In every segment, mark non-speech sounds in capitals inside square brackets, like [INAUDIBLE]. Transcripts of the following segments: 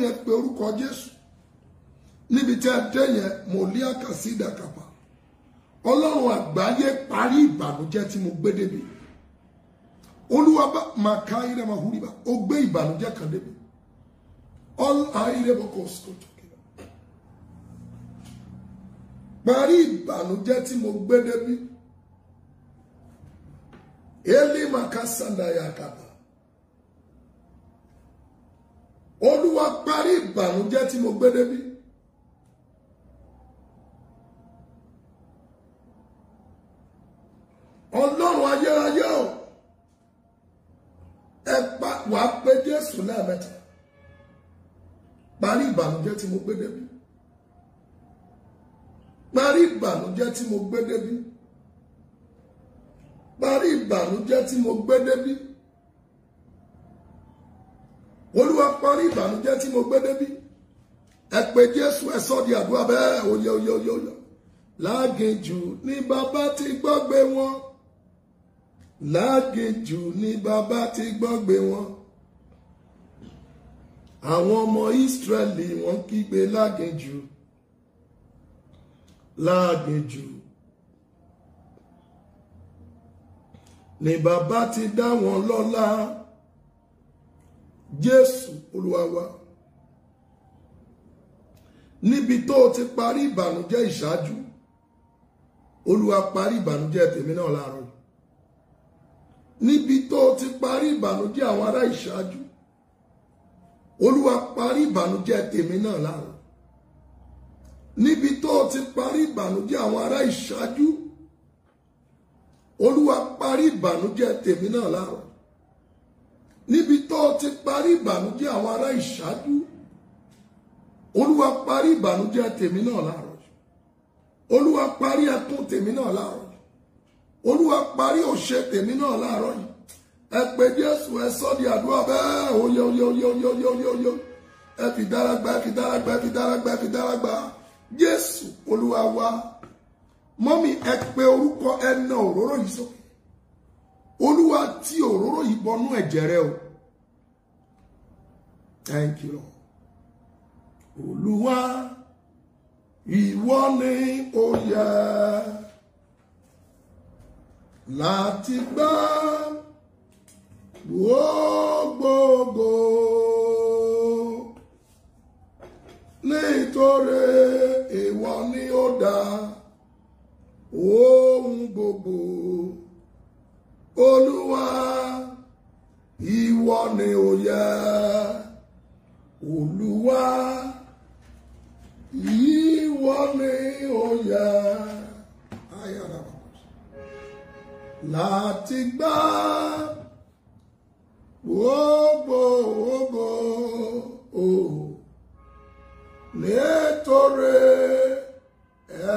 lè pe orúkọ Jésù níbi tí a dé yẹn mo lé àkàsí ìdàkàpà ọlọ́run àgbáyé parí ìbànújẹ́ tí mo gbé débi olúwa bá máa ká ayé máa húrí bá ó gbé ìbànújẹ́ kan débi ayé bọ́ kọ́ sọ́tọ̀ parí ìbànújẹ́ tí mo gbé débi elé máa ká sàndáyà kàtà. olúwa parí ìbànújẹ́ tí mo gbé débí. ọlọ́run ayérayé o ẹ pa wàá pé jésù lẹ́ẹ̀mẹ́ta parí ìbànújẹ́ tí mo gbé débí parí ìbànújẹ́ tí mo gbé débí parí ìbànújẹ́ tí mo gbé débí olúwa parí ìbànújẹ́ tí mo gbé débí ẹ pé jésù ẹ sọ di àdúrà bẹ́ẹ̀ oyè oyè oyè oyè láginjù ni bàbá ti gbọ́gbé wọn láginjù ni bàbá ti gbọ́gbé wọn àwọn ọmọ ìsírẹ́lì wọ́n kígbe láginjù láginjù ni bàbá ti dá wọn lọ́lá. Jésù Olúwa wa níbi tó o ti parí ìbànújẹ́ ìṣáájú Olúwa parí ìbànújẹ́ tèmi náà láàárọ̀ níbi tó o ti parí ìbànújẹ́ àwọn ará ìṣáájú Olúwa parí ìbànújẹ́ tèmi náà láàárọ̀ níbi tó o ti parí ìbànújẹ́ àwọn ará ìṣáájú Olúwa parí ìbànújẹ́ tèmi náà láàárọ̀ níbi ó ti parí ìbànújẹ́ àwọn ará ìṣáájú olúwa parí ìbànújẹ́ tèmi náà láàárọ̀ olúwa parí ẹkún tèmi náà láàárọ̀ olúwa parí òṣè tèmi náà láàárọ̀ yìí ẹ pé jésù ẹ sọ di àdúrà bẹ́ẹ̀ oyè oyè oyè oyè oyè oyè oyè ẹ fi dára gba ẹ fi dára gba ẹ fi dára gba ẹ fi dára gba jésù olúwa wa mọ́mí ẹ pé orúkọ ẹ na òróró yìí sókè olúwa ti òróró yìí bọnú ẹ̀jẹ̀ rẹ o. Thank you, Lord. Olúwa, ìwọ ni ó yẹ láti gbà gbogbogbò nítorí ìwọ ni ó dá ohun gbogbo Olúwa, ìwọ ni ó yẹ. oluwa ìwọ ni ó na láti gbà gbogbo o nítorí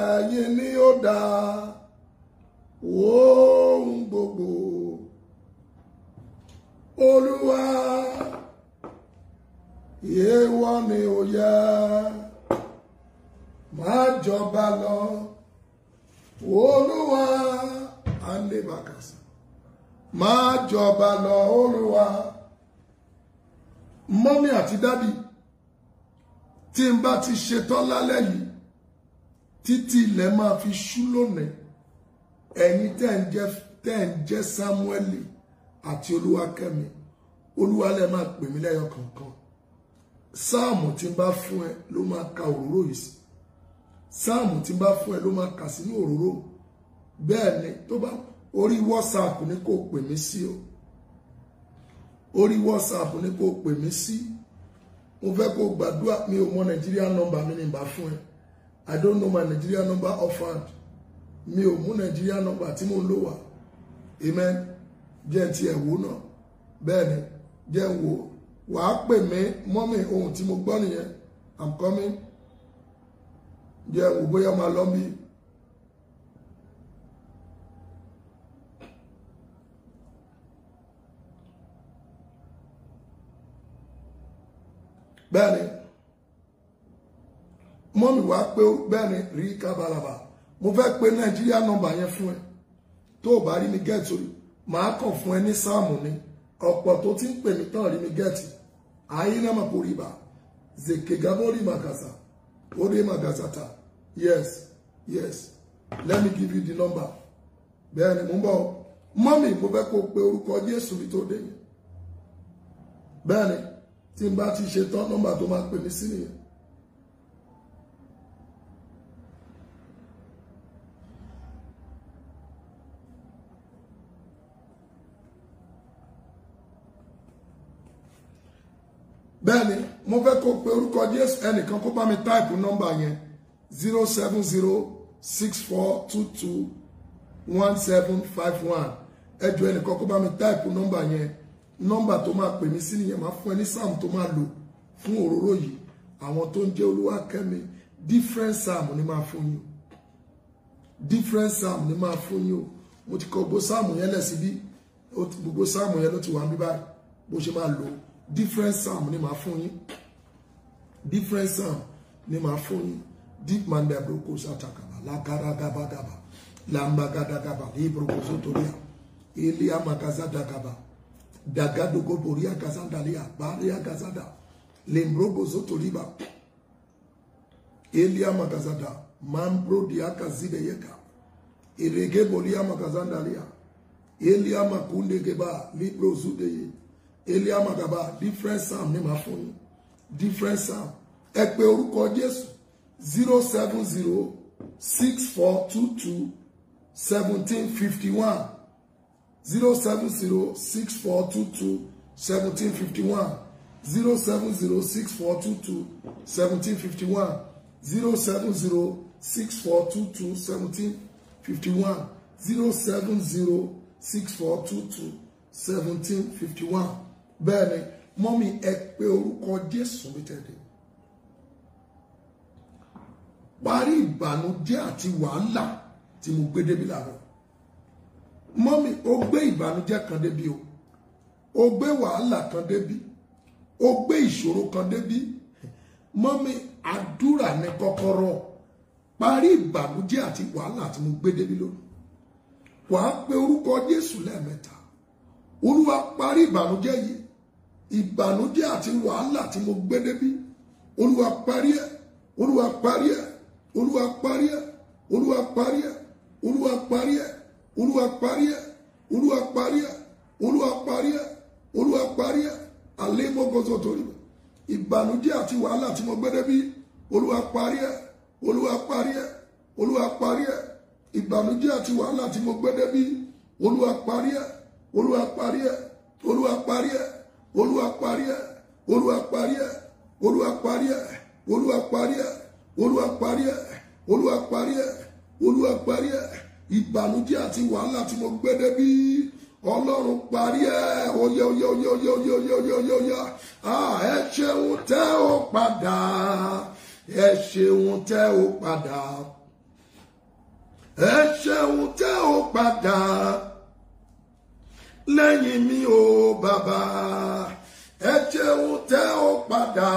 ẹ̀yin ni ó dá ohun gbogbo èèwọ̀ ni ó yá máa jọba lọ olúwa alebakasa máa jọba lọ olúwa mọ́mí àti dádì tí n bá ti ṣetán lálẹ́ yìí títí ilẹ̀ máa fi ṣú lónìí ẹ̀yin tẹ́ ń jẹ́ tẹ́ ń jẹ́ Samuel àti Olúwakẹ́mi olúwa lẹ́ máa pè mí lẹ́yọ kọ̀ọ̀kan sáàmù tí n bá fún ẹ ló máa ka òróró yìí sí sáàmù tí n bá fún ẹ ló máa kà sínú òróró bẹ́ẹ̀ ni tó bá orí wọ́sàpù ni kò pè mí sí o orí wọ́sàpù ni kò pè mí sí mo fẹ́ kó gbàdúrà mi ò mọ nàìjíríà nọ́mbà mi ni bá fún ẹ i don't know my nigeria number offhand mi ò mú nàìjíríà nọ́mbà tí mo ń lò wá amen jẹ́ ti ẹ̀ wò náà bẹ́ẹ̀ ni jẹ́ ń wò ó wàá pè mí mọ́mì ohun tí mo gbọ́ nìyẹn i'm coming jẹ́ wò bóyá máa lọ bí. bẹ́ẹ̀ni mọ́mì wàá pé bẹ́ẹ̀ni rí kábalàbà mo fẹ́ pé nàìjíríà nọ́mbà yẹn fún ẹ tó o bá rí mi gẹ̀ẹ́tì màá kàn fún ẹ ní sáàmù ni ọ̀pọ̀ tó ti ń pè mí tán rí mi gẹ̀ẹ́tì Aina Makuriba. Zekegabori Magasa. Ode Magasata. Yes. Yes. Let me give you the number. Bẹ́ẹ̀ni mo ń bọ̀. Mọ́mì mo fẹ́ kó pe orúkọ Jésù mi tó dé yẹn. Bẹ́ẹ̀ni tí n bá ti ṣe tán nọ́mbà tó máa pè mí sí nìyẹn. bẹ́ẹ̀ni mo fẹ́ kó pe orúkọ jésù ẹnìkan kó bá mi táìpù nọ́mbà yẹn zero seven zero six four two two one seven five one ẹ jọ̀ọ́ ẹnìkan kó bá mi táìpù nọ́mbà yẹn nọ́mbà tó máa pè mí sí nìyẹn máa fún ẹ ní sam tó máa lò fún òróró yìí àwọn tó ń jẹ́ olúwakẹ́mi different sam ni máa fún yín different sam ni máa fún yín o mo ti kọ gbogbo sam yẹn lẹ̀ síbí gbogbo sam yẹn ló ti wà níbí báyìí bó ṣe máa lò ó different psalm ni ma fún yín different psalm ni ma fún yín deep man bẹ broko satakaba lagaragabagaba lambagadagaba ní broko sotoria elia magazadagaba dagadogoboria gazandalia baria gazada lembrogo sotoriba elia magazada mambrodia kazideyeka eregebolia magazandalia elia makunde geba libro zudeye elia magaba different psalm ní màá fún yín different psalm ẹ pè orúkọ jésù zero seven zero six four two two seventeen fifty one zero seven zero six four two two seventeen fifty one zero seven zero six four two two seventeen fifty one zero seven zero six four two two seventeen fifty one zero seven zero six four two two seventeen fifty one bẹ́ẹ̀ ni mọ́mí ẹ pé orúkọ Jésù mi tẹ̀lé parí ìbànújẹ́ àti wàhálà tí mo gbé débi láàárọ̀ mọ́mí ó gbé ìbànújẹ́ kan débi o ó gbé wàhálà kan débi ó gbé ìṣòro kan débi mọ́mí àdúrà ní kọ́kọ́rọ́ parí ìbànújẹ́ àti wàhálà tí mo gbé débi lónìí wàá pe orúkọ Jésù lẹ́ẹ̀mẹ́ta olúwa parí ìbànújẹ́ yìí ìbànújẹ́ àti wàhálà tí mo gbé débí olúwa parí ẹ̀ olúwa parí ẹ̀ olúwa parí ẹ̀ olúwa parí ẹ̀ olúwa parí ẹ̀ olúwa parí ẹ̀ olúwa parí ẹ̀ olúwa parí ẹ̀ olúwa parí ẹ̀ alẹ́ mọ́gọ́sọ̀ torí mi ìbànújẹ́ àti wàhálà tí mo gbé débí olúwa parí ẹ̀ olúwa parí ẹ̀ olúwa parí ẹ̀ ìbànújẹ́ àti wàhálà tí mo gbé débí olúwa parí ẹ̀ olúwa parí ẹ̀ olúwa parí ẹ̀ olúwa parí ẹ̀ olúwa parí ẹ̀ olúwa parí ẹ̀ olúwa parí ẹ̀ olúwa parí ẹ̀ olúwa parí ẹ̀ olúwa parí ẹ̀ ìbànújẹ́ àti wàhálà tí mo gbé débi ọlọ́run parí ẹ̀ oyè oyè oyè oyè oyè oyè oyè oyè oyè ẹ ṣeun tẹ́ ó padà ẹ ṣeun tẹ́ ó padà ẹ ṣeun tẹ́ ó padà lẹ́yìn mi o bàbá ẹ ṣeun tẹ́ ó padà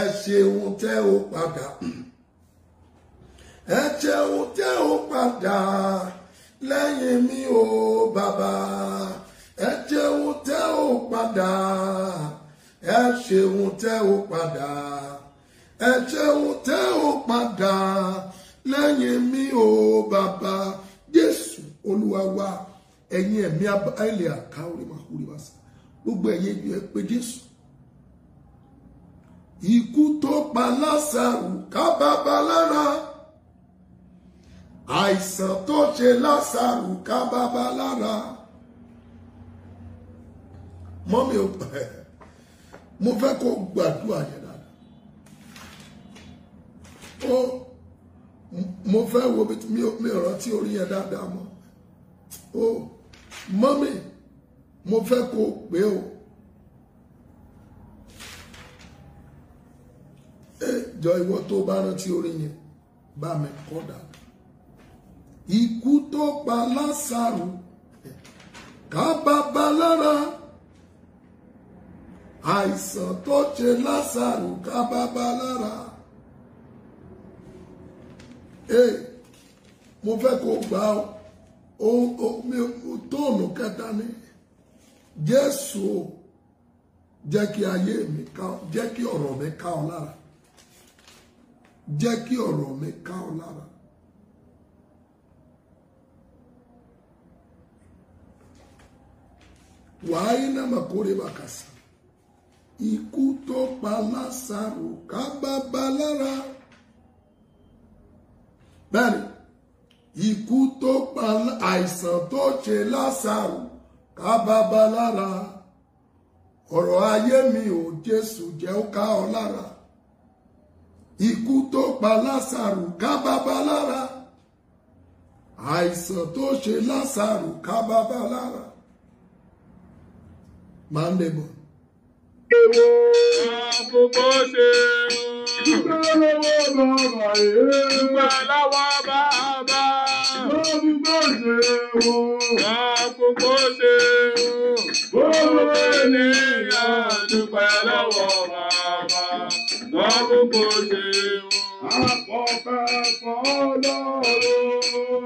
ẹ ṣeun tẹ́ ó padà ẹ ṣeun tẹ́ ó padà lẹ́yìn mi o bàbá ẹ ṣeun tẹ́ ó padà ẹ ṣeun tẹ́ ó padà ẹ ṣeun tẹ́ ó padà lẹ́yìn mi o bàbá Jésù Olúwa wa ẹ̀yin ẹ̀mí ilẹ̀ àká orí máa kúrò wá sí gbogbo ẹ̀yin ẹ̀yìn ẹ pé Jésù ikú tó pa Lásárù kábàbà lára àìsàn tó ṣe Lásárù kábàbà lára mọ́mí ò pẹ́ [LAUGHS] mo fẹ́ kó gbàdúrà yẹn dáadáa ó mo fẹ́ wo mi ò rántí orí yẹn dáadáa mọ́ ó. Oh mọ́mì mo fẹ́ kó o E o jọ ìwọ tó bá rántí orin yẹn bá mi kọ́ dà ikú tó pa Lásárù ká bàbá lára àìsàn tó ṣe Lásárù ká bàbá lára mo fẹ́ kó gbà o o kẹta ni jésù jẹ́ kí ayé mi ká jẹ́ kí ọ̀rọ̀ mi ká ọ lára o kí ọ̀rọ̀ mi ká ọ lára. wàáyé náà mà kórè bà kàsà ikú tó pa Lásárù ká bá ba lára bẹ́ẹ̀ ni ikú tó pa àìsàn tó ṣe lásàrò ká bàbá lára ọ̀rọ̀ ayé mi ò jésù jẹ́ ó ká ọ lára ikú tó pa lásàrò ká bàbá lára àìsàn tó ṣe lásàrò ká bàbá lára máa ń dẹbọ. ewo àbùkù ṣe dúpẹ́ lọ́wọ́ bàbá yìí dúpẹ́ lọ́wọ́ bàbá gbogbo ṣe o. àkókò ṣe o. gbogbo ènìyàn dúpẹ́ lọ́wọ́ bàbá. àkókò ṣe o. àpọ̀pẹ̀ fọ́lọ́run.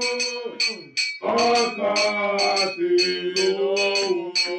ọkọ̀ àti ìlú òun.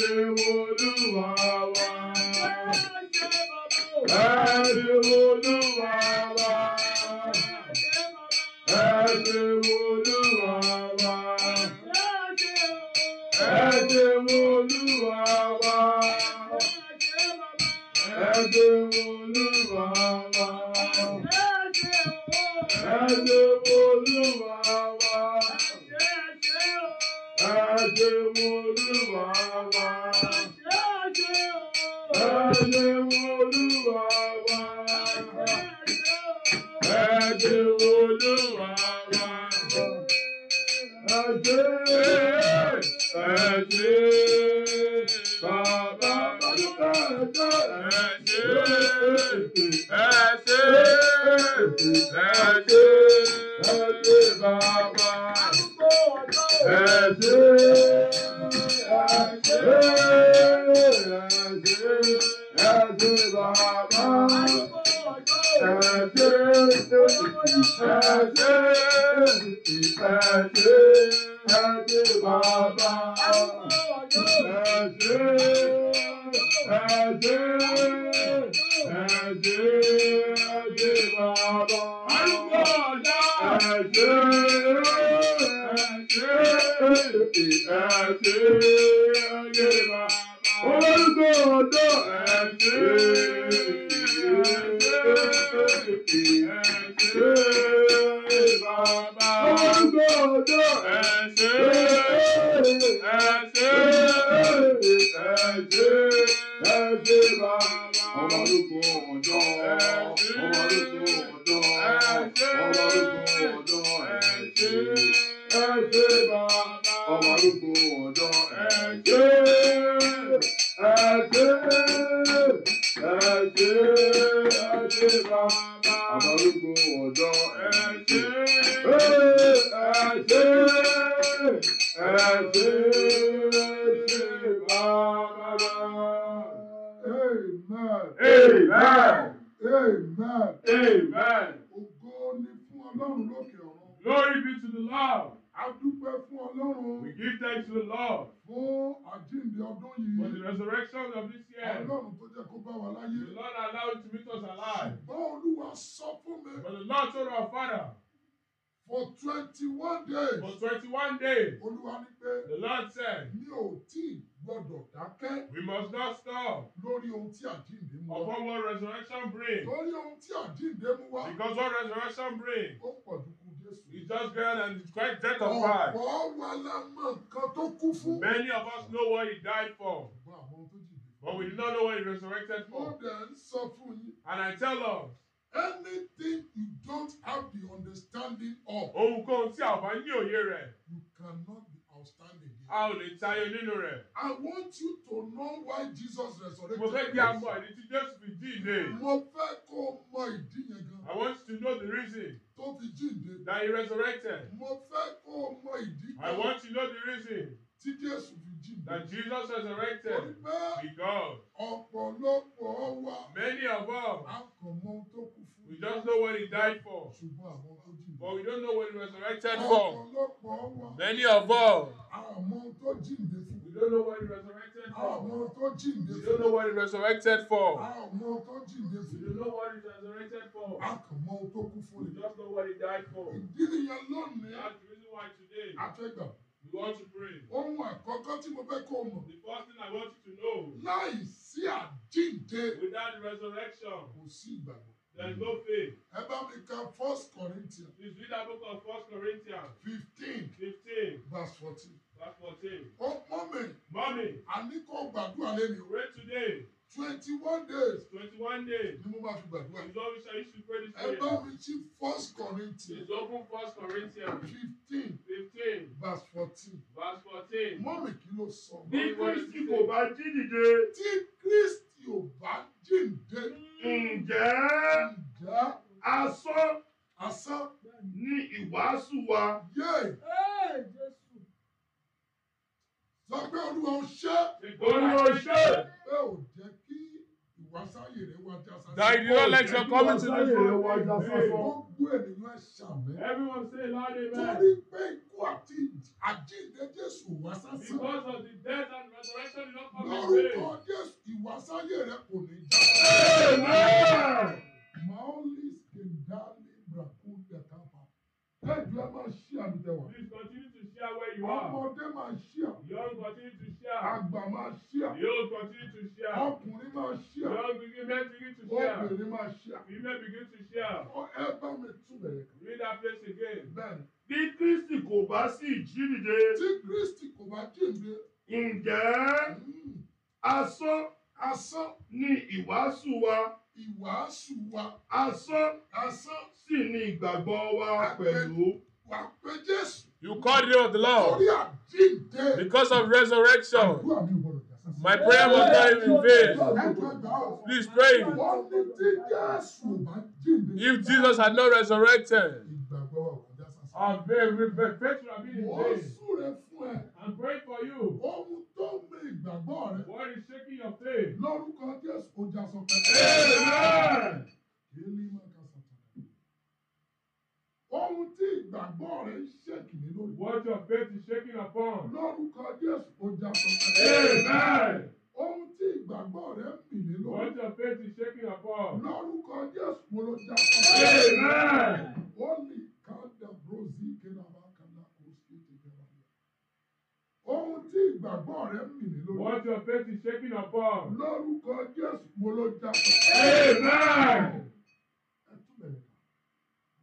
Adéolúwa wa. Adéolúwa. ọmọ arúgbó ọ̀dọ́ ẹ ṣé ẹ ṣé bàbá ọmọ arúgbó ọ̀dọ́ ẹ ṣé ẹ lọ́tọ̀rọ̀ ọ̀fàrà. For twenty-one days. For twenty-one days. Olúwa ní pé. The Lord said. Mi ò tí ì dákẹ́. We must not stop. Lórí ohun tí àjíǹde mú wá. Upon what resurrection brings. Lórí ohun tí àjíǹde mú wá. Because what resurrection brings. Ó pọ̀ jù Jésù. It's just greater and he quite death of Christ. Ọ̀pọ̀ wa la mọ nǹkan tó kú fún. Many of us know what he died for. Ṣùgbọ́n àwọn tó jìnnà. But we do not know what he resurrected for. Mo dẹ̀ ń sọ fún yín. And I tell us. Anything you don't have the understanding of. Ohunkóhun tí a bá ní òye rẹ̀. You cannot be outstanding. A ò lè tayọ nínú rẹ̀. I want you to know why Jesus resurrected. Mo fẹ́ kí a mọ ìdí tí Jésù fi jíǹde. Mo fẹ́ kó o mọ ìdí yẹn gan. I want you to know the reason. Tó fi jíǹde. That he resurrected. Mo fẹ́ kó o mọ ìdí I want you to know the reason. That Jesus resurrected. Because. Many of us. A kàn mọ We just know what he died for. But we don't know what he resurrected for. Many of us. We don't know what he resurrected for. We don't know what he resurrected for. We don't know what he resurrected for. A kàn mọ We just know what he died for. tí mo fẹ́ kó o mọ̀. The first thing I want you to know. Láì sí àjíǹde. Without resurrection. Kò sí ìgbàgbọ́. There is no faith. Ẹ bá mi ka First Corinthians. Please read that book of First Corinthians. Fifteen. Fifteen. Verse fourteen. Verse fourteen. Ó oh, mọ́mì. Mọ́mì. Àní kò gbàdúrà lẹ́nu. Pray today twenty one days. twenty one days. ni mo máa fi gbàdúrà. ìjọba ìṣe ìṣe pẹ̀lú ìṣe. ẹ bá mi tí first Corinthians. ìjọba first Corinthians. fifteen. fifteen. verse fourteen. verse fourteen. mọ́mì kí ló sọ. bí Kristi kò bá jí tí Kristi ò bá jí dìde. ǹjẹ́ ǹjẹ́ asán asán ni ìwàásù wa. yéè. ẹ Jésù. sọ pé olúwa ò ṣe. olúwa ò ṣe. That you do not let your comments in this room. Everyone say loud amen. Because of the death and resurrection did not come in vain. Amen. Maulis Please continue share where you are. Ọmọdé máa share. Young continue to share. Àgbà máa share. Young continue to share. Ọkùnrin máa share. Young begin begin to share. Obìnrin máa share. Women begin to share. Ọ ẹ bá mi túbẹ̀. Read that place again. Bẹ́ẹ̀ni. Bí Kristi kò bá sí ìjídìde. Tí Kristi kò bá dìde. Ǹjẹ́ hmm. asán asán ni ìwàásù wa ìwàásù wa. Asán asán sì ni ìgbàgbọ́ wa pẹ̀lú. Wà pé Jésù. You called it with love because of resurrection. My prayer was not even vain. Please pray. If Jesus had not resurrected, our perfection have been in I'm praying for you. What is shaking your faith? Amen. Ohun tí ìgbàgbọ́ rẹ̀ ń ṣèkì ní lórí. What your faith is shaking upon. Lórúkọ Jésù ó já sọ́kẹ́. Amen. Ohun tí ìgbàgbọ́ rẹ̀ ń mì ní lórí. What your faith is shaking upon. Lórúkọ Jésù mo ló já sọ́kẹ́. Amen. Only kanda brozi kenaba kanda kosi tekeba. Ohun tí ìgbàgbọ́ rẹ̀ ń mì ní lórí. What your faith is shaking upon. Lórúkọ Jésù mo ló já sọ́kẹ́. Amen. Amen.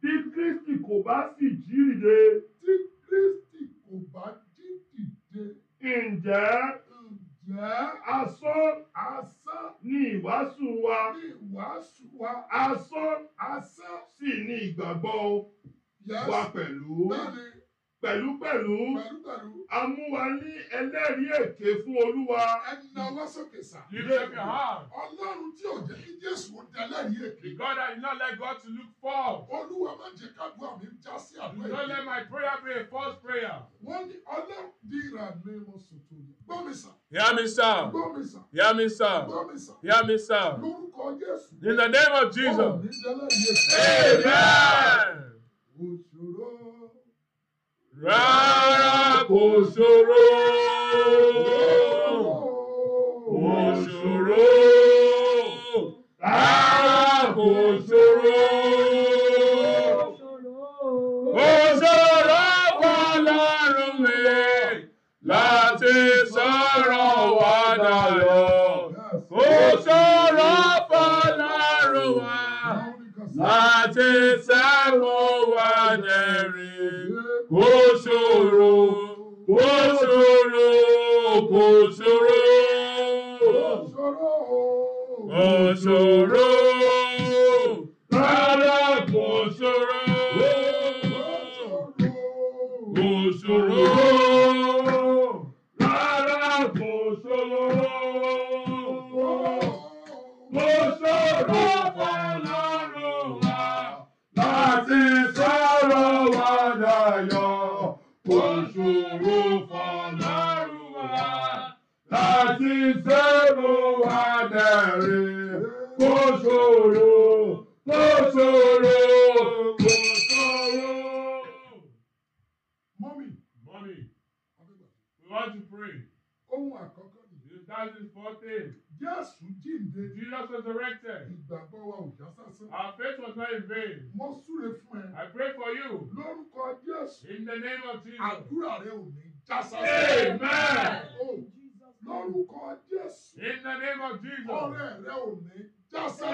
Tí Kristi kò bá sì jí dìde. Tí Kristi kò bá jí dìde. Ǹjẹ́. Ǹjẹ́. Asán. Asán. Ni ìwàásù wa. Ni ìwàásù wa. Asán. Asán. Sì ni ìgbàgbọ́ wa pẹ̀lú. Bẹ́ẹ̀ni pẹ̀lúpẹ̀lú a mú ní ẹlẹ́rìí èké fún olúwa. ẹni náà sá. ìrè mi hàn. ọlọ́run tí ò kí Jésù ó dẹlẹ́rìí èké. God I did not let God to look for. olúwa má jẹ́ ká àmì já sí àbúrò yìí. don't let my prayer be a false prayer. wọ́n ní ọlọ́run bí ìrà mi mo sùn tó yẹ. gbọ́ mi sà. yá lórúkọ Jésù. in the name of Jesus. ọ̀rọ̀ mi dẹlẹ́rìí èké. amen. rárá kò ṣòro. rẹ ò ní jásá.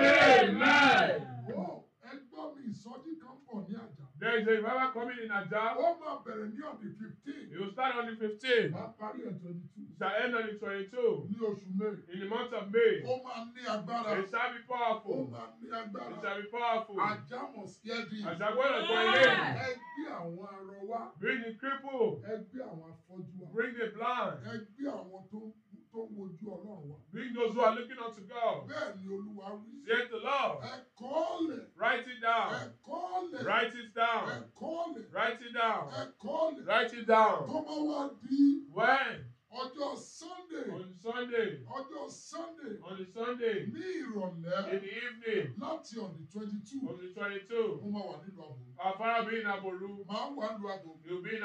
Ẹgbọ́n mi ìsọjí kan pọ̀ ní àjà. There is a revival coming in Ajah. Ó máa bẹ̀rẹ̀ ní on the fifteen. will start on the fifteen. Máa parí ẹ̀ twenty two. It shall end on the twenty two. Ní oṣù May. In the month of May. Ó máa ní agbára. It shall be powerful. Ó máa ní agbára. It shall be powerful. Ajá mọ̀ sí ẹ̀dí. Ajá gbọ́dọ̀ gbọ́ ilé. Ẹ àwọn arọ wá. Bring the cripple. Ẹ gbé àwọn afọ́jú wá. Bring the blind. Ẹ àwọn tó ń tó wojú ọlọ́run wa. Bring those who are looking unto God. Bẹ́ẹ̀ ni Olúwa wí. Yet the Lord. Ẹ kọ́ọ̀lẹ̀. Write it down. Ẹ kọ́ọ̀lẹ̀. Write it down. Ẹ kọ́ọ̀lẹ̀. Write it down. Ẹ kọ́ọ̀lẹ̀. Write it down. Tó bá wá di. When ọjọ́ sunday. on sunday. ọjọ́ sunday. on sunday. ní ìrọ̀lẹ́. in the evening. láti on the twenty-two. on the twenty-two. mo máa wà nílùú àbòrú. àfárá bí in àbòrú. máa wà nílùú àbòrú. you be in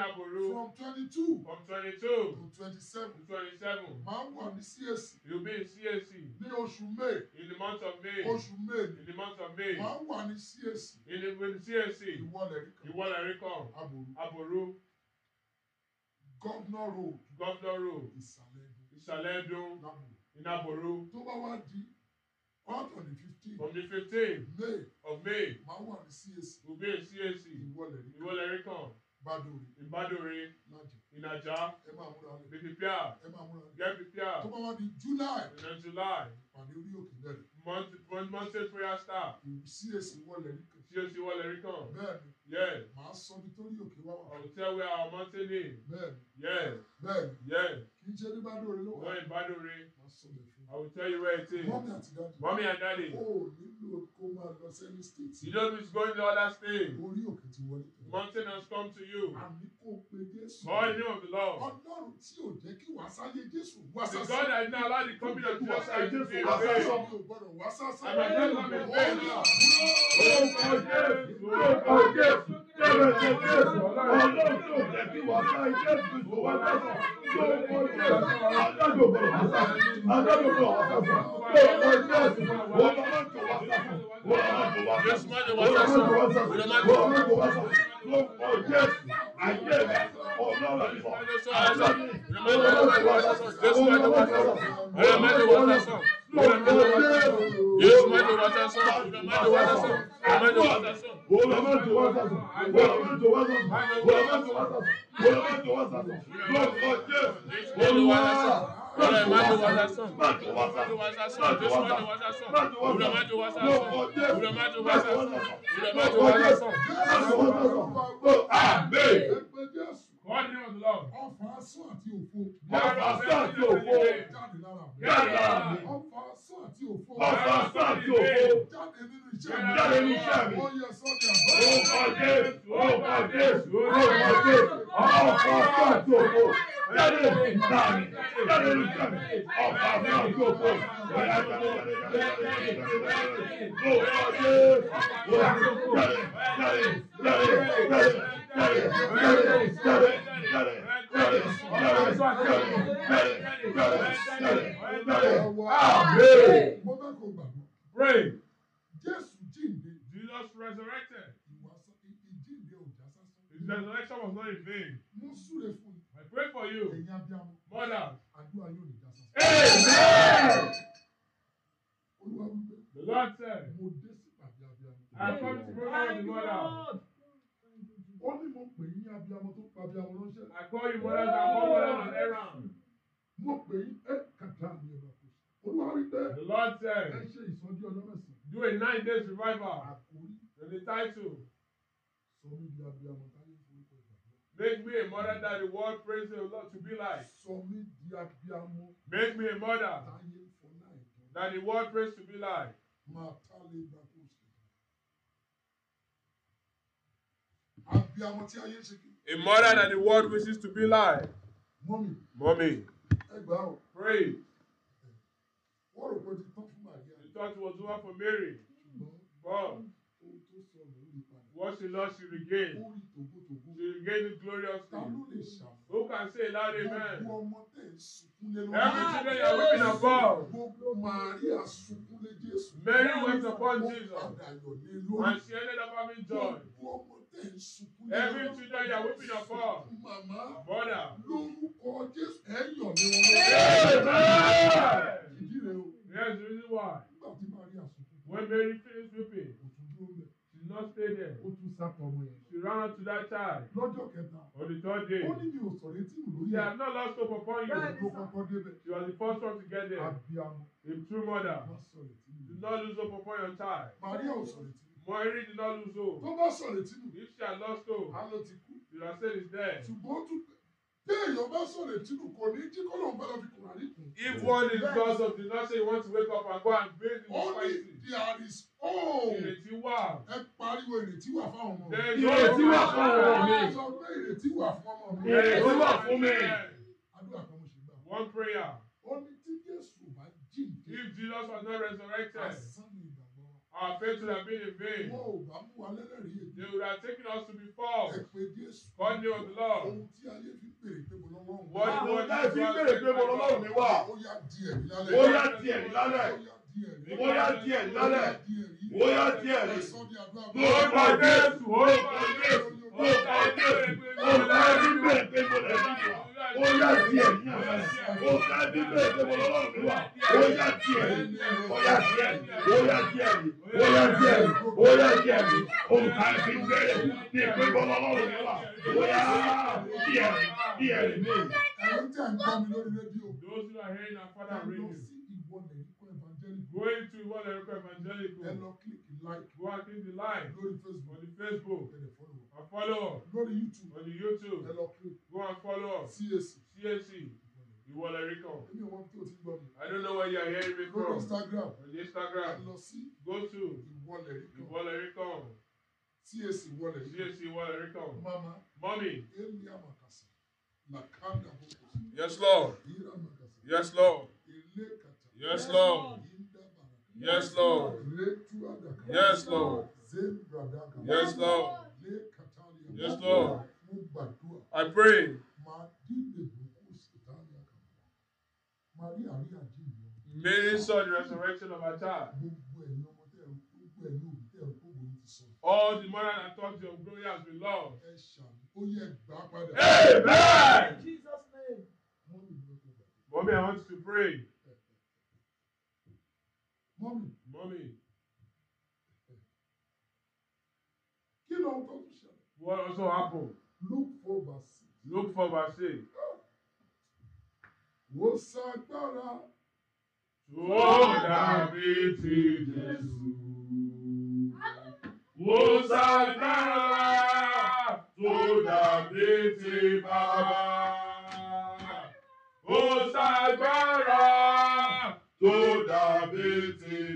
from twenty-two. from twenty-two. to twenty-seven. to twenty-seven. máa wà ní csc. you be in csc. ní oṣù may. in the month of may. oṣù may. in the month of may. máa wà ní csc. in the in csc. ìwọlẹ̀ rí kan. ìwọlẹ̀ rí kan. àbòrú. àbòrú. Governor Road. Governor Road. Ìsàlẹ̀ Ẹdó. Ìsàlẹ̀ Ẹdó. Tó bá wá di out on the fifteen. From the fifteen. May. Of May. Màá wà ní CAC. Òbí CAC. Ìwọlẹ̀ rí kan. Ìwọlẹ̀ rí kan. Ìbádòrè. Ìbádòrè. Ìnàjà. Ẹ máa múra rẹ̀. Bíbíbíà. Ẹ máa múra rẹ̀. Gẹ́bíbíà. Tó bá wá di July. Ìnà July. Ìpàdé orí òkè bẹ̀rẹ̀. Mount Mount Mount Prayer Star. CAC wọlẹ̀ rí kan. CAC wọlẹ̀ rí kan. Bẹ́ẹ̀ni. Yes. Màá sọ ibi tó rí òkè wá wà. I'll tell where our mountain is. Bẹ́ẹ̀ni. Yes. Bẹ́ẹ̀ni. Yes. Kì í ṣe ní Bádóore ló wà. Wọ́n ìbádóore. Màá sọ I will tell you where it is. Mommy and daddy. Mommy and daddy. Oh, nílò kó máa lọ You know going to other state. Orí Mountain has come to you. Àmì Call the name of the Lord. The God has not allowed the coming of Jesus Christ to be wàsásá. Mi ò gbọ́dọ̀ be Àgbàdo now. bẹ́ẹ̀ ni. Orúkọ Jésù. Orúkọ Jésù. Jẹ́rẹ̀ ṣe Jésù, ọlọ́run tí ò jẹ́ kí wọ́n sá Jésù tó wá lọ́sọ̀, tó kọ Jésù, adájọ́gbọ̀n ọ̀sán, adájọ́gbọ̀n ọ̀sán, tó kọ Jésù, wọ́n máa ń tó wá sáfà, wọ́n máa ń tó wá sáfà, wọ́n máa ń tó wá sáfà, wọ́n máa ń tó wá sáfà, tó kọ Jésù, ayé rẹ̀, ọlọ́run àlùfọ̀, adájọ́gbọ̀n ọ̀sán, wọ́n máa ń tó wá sáfà, wọ́n máa ń tó wá sáfà, Yóò má jò wá sásán, má jò wá sásán, má jò wá sásán. Wọ́n má jò wá sásán, wọ́n má jò wá sásán, wọ́n má jò wá sásán, wọ́n má jò wá sásán. Lọ́kọ̀ jẹ́ olúwa. Ọ̀rẹ́ má jò wá sásán, má jò wá sásán, má jò wá sásán, má jò wá sásán. Lọ́kọ̀ jẹ́ olúwa. Má jò wá sásán, má jò wá sásán, má jò wá sásán. Àmín. Wọ́n ní ọ̀dùn lọ. Ọfà asán àti òfo. Ọfà asán àti òfo. Jáde lára mi. Jáde lára mi. Ọfà asán àti òfo. Ọfà asán àti òfo. Jáde nínú iṣẹ́ mi. Jáde nínú iṣẹ́ mi. Wọ́n yẹ sọ́ọ̀dì àbọ̀. Orúkọ Jésù. Orúkọ Jésù. Orúkọ Jésù. Ọfà asán àti òfo. Jáde nínú iṣẹ́ mi. Jáde nínú iṣẹ́ mi. Ọfà asán àti òfo. Orúkọ Jésù. Orúkọ Jésù. Jáde. Jáde. Jáde. Jáde. Pray. Jesus resurrected. resurrection was not in vain. I pray for you. Mother. Amen. The Lord said, I come to pray for the mother ó ní mo pè yín abiyamọ tó pa abiyamọ ránṣẹ́. àgbọ̀ ìwọlẹ̀ náà bọ́ wọlé náà lẹ́ràn. mo pè yín ẹ kàtà mi ẹ̀rọ kò sí. olúwa bẹ́ẹ̀. the lord said. ẹ ṣe ìsọjí ọjọ́ mẹ́sàn do a nine days revival. àkórí. and the title. sọ mi di abiyamọ táyé forúkọ ìgbàgbọ́. make me a mother that the world praise the lord to be like. sọ mi di abiyamọ. make me a mother. táyé fọlá ẹ̀dọ́. that the world praise to be like. màá tá lè gbàgbọ́. a mother that the world wishes to be like. Mommy. Mommy. pray. What rò pé ti tán fún the church was over for Mary. but what she lost she regained. she regained it gloriously. who can say a loud amen. every children you are waking up Mary went upon Jesus. and she ended up having joy. Every children you are weeping upon. Màmá. Bọ́dà. Lórúkọ Jésù ẹ̀ yọ̀ ní wọn. Ìdí rẹ̀ o. Yes, the reason why. Nígbà tí Màrí àsopọ̀. When Mary finish weeping. Kò tún dúró mẹ́. She not stay there. Ó tún sá ọmọ yẹn. She ran to that child. Lọ́jọ́ kẹta. On the third day. Ó ní mi ò sọ̀rọ̀ etí mi lórí. She had not lost hope upon you. Bẹ́ẹ̀ni sọ. Ló She was the first one to get there. Àbíamọ. A true mother. Má not lose hope upon your child. Màrí ò sọ̀rọ̀ etí Mọ eré ni lọ́lù so. Tó bá sọ̀rọ̀ etí nù. If she had lost so. A lọ ti kú. Your sin is dead. Ṣùgbọ́n tún bí bá sọ̀rọ̀ etí nù kò ní jí kó lóun bá lọ fi kùnà ní. If one is because of the nurse you want to wake up and go and bathe in the spices. Only there is hope. Ìrètí wà. Ẹ pariwo ìrètí wà fáwọn ọmọ mi. Ìrètí wà fún ọmọ mi. Ẹ ìrètí wà fún ọmọ mi. Ìrètí wà fún mi. Àdúrà kan mo ṣe gbà. One prayer. Ó tí Jésù bá jíǹde. If Jesus was not resurrected. Àṣà Our faith will have been in vain. Wọn ò bá mú wa lẹ́lẹ́rìí èdè. They would have taken us to be false. Ẹ pe Jésù. God knew the Lord. Ohun tí ayé fi bèrè pé bọ̀lọ́ lọ́rùn mi wá. Wọ́n ní wọ́n ní wọ́n fi bèrè pé bọ̀lọ́ lọ́rùn mi wá. Ó yá di ẹ̀rí lálẹ́. Ó yá di ẹ̀rí lálẹ́. Ó yá di ẹ̀rí lálẹ́. Ó yá di ẹ̀rí. Mo pa Jésù. Mo pa Jésù. Mo pa Jésù. Mo pa Jésù. Mo pa Jésù ó yá díẹ̀ ó ká bí bẹ́ẹ̀ tẹ̀wọ̀ lọ́wọ́ fún wa ó yá díẹ̀ ó yá díẹ̀ ó yá díẹ̀ those who are hearing our father radio. Going to Iwọ Lẹ́rìkọ́ Evangelical. Ẹ lọ click like. Go and click the like. Lórí Facebook. Facebook and follow. Go to YouTube. On the YouTube. Ẹ lọ Go and follow. CAC. CAC. Ìwọ la rí kan. Èmi ò mọ tó I don't know where you are hearing me from. Go to Instagram. On Instagram. Ẹ lọ Go to. you want to kan. Ìwọ la rí kan. CAC ìwọ la rí kan. CAC ìwọ la rí kan. Mama. Mommy. Èmi àmàkàsà. Làkàndà bòkò. Yes Lord. Ìyíra àmàkàsà. Yes Lord. Yes Lord. Yes Lord. Yes Lord. Yes Lord. Yes, Lord. I pray. Mary saw the resurrection of our child. All the mother that talked of glory has been lost. Amen. In Mommy, I want you to pray. Mommy. Mommy. Kí ló What also happened? Look for verse 6. Luke 4 verse 6. Wò ṣàgbára. Tó dàbí ti Jésù. Wò ṣàgbára. Tó dàbí ti Bàbá. Wò ṣàgbára. Tó ti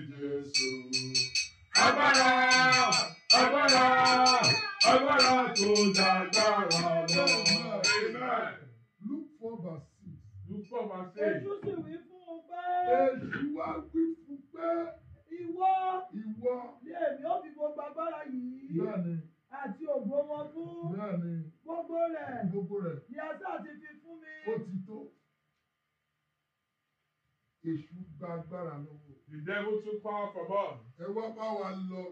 Jésù. Agbára! Agbára! agbára tó dàgbára lọ. Amen. Luke four verse six. Luke four verse six. Èṣù sì wí fún un pé. Èṣù wá wí fún pé. Ìwọ. Ìwọ. Ní èmi ó fi gbogbo agbára yìí. Bẹ́ẹ̀ni. Àti ògbó wọn fún. Bẹ́ẹ̀ni. Gbogbo rẹ̀. Gbogbo rẹ̀. Ni àṣà ti fi fún mi. Ó ti tó. Èṣù gba The devil took power from us. Ẹ wá bá wa lọ.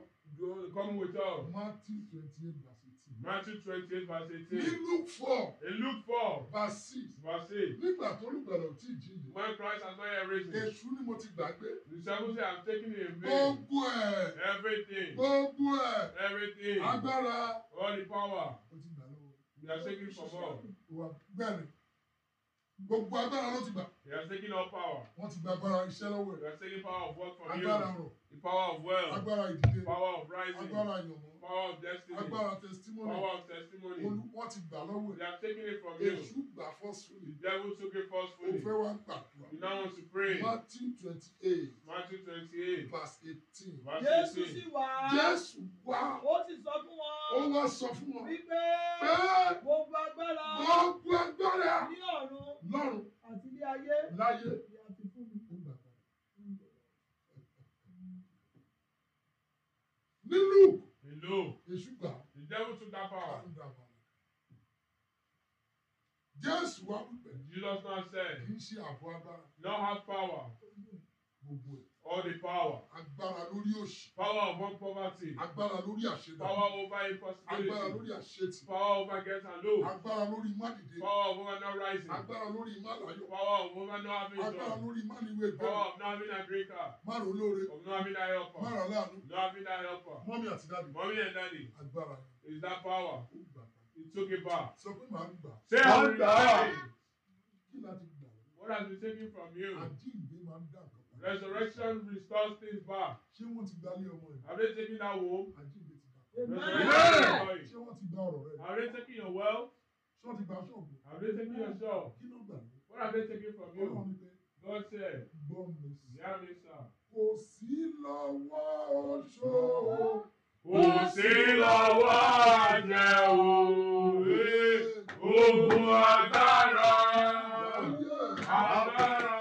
Matthew twenty eight verse eighteen. Ní Luke four. In Luke four. verse six. verse eight. Nígbà tó olùgbàlà ò tí ì When Christ has not yet risen. Èṣù ni mo ti gbàgbé. The disciples say I am taking him in. Gbogbo ẹ̀. Everything. Gbogbo ẹ̀. Everything. Agbára. All the power. O ti gbà lọ́wọ́. We are taking from all. Wà bẹ́ẹ̀ni. Gbogbo agbára ló ti gbà. We are taking all power. Wọ́n ti gba agbára iṣẹ́ lọ́wọ́ ẹ̀. We are taking power of work from you. Agbára rọ̀. The power of wealth. Agbára ìdílé. Power of rising. Agbára ìyànmọ́. Power of destiny. Agbára testimony. Power of testimony. Olú ti gbà lọ́wọ́ They are taking it from you. Èṣù gbà forcefully. The devil took it forcefully. Òfé wa ń gbàdúrà. You now want to pray. Matthew twenty-eight. Matthew twenty-eight. Verse eighteen. Verse eighteen. Jésù sì wá. Jésù wá. Ó ti sọ fún wọn. Ó wá sọ fún wọn. Wípé. Pé. Gbogbo agbára. Gbogbo agbára. Ní ọ̀run. Lọ́run. Àti ní ayé. Láyé. Lílù. Ìlú. Èṣù gbà. The devil took that power. Ká ń Jésù wá wípé. Jesus now said. Kì í ṣe àbọ̀ agbára. No have power gbogbo ẹ̀. all the power. agbára lórí òṣì. power over poverty. agbára lórí àṣetà. power over impossibility. agbára lórí àṣetì. power over get and low. agbára lórí má dìde. power over not rising. agbára lórí má láyọ̀. power over not having joy. agbára lórí má bẹ́ẹ̀. power of not having a drinker. má ro lóore. of no having a helper. má ra láàánú. no having a helper. mọ́mí àti dáàdì. mọ́mí and dáàdì. agbára. is that power. ó gbà pa. it took it back. sọ pé màá gbà. ṣé àwọn ìgbà wà. kí láti gbà. what has been taken from you. àjíǹde máa ń dàgbà. Resurrection restores things back. Ṣé wọ́n ti gbalé ọmọ rẹ̀? Have they taken that home? Àjíǹde ti gbà. Ṣé wọ́n ti gba ọ̀rọ̀ rẹ̀? Have they taken your well? Ṣé wọ́n ti gba ṣọ́ọ̀bù? Have they taken your shop? Kí ló gbà mí? What have they taken from you? Ọlọ́run mi bẹ́ẹ̀. God said. Gbọ́ mi sí. Yá mi sà. Kò sí lọ́wọ́ oṣó. Kò sí lọ́wọ́ àjẹ́ òwe. Ogun agbára. Agbára.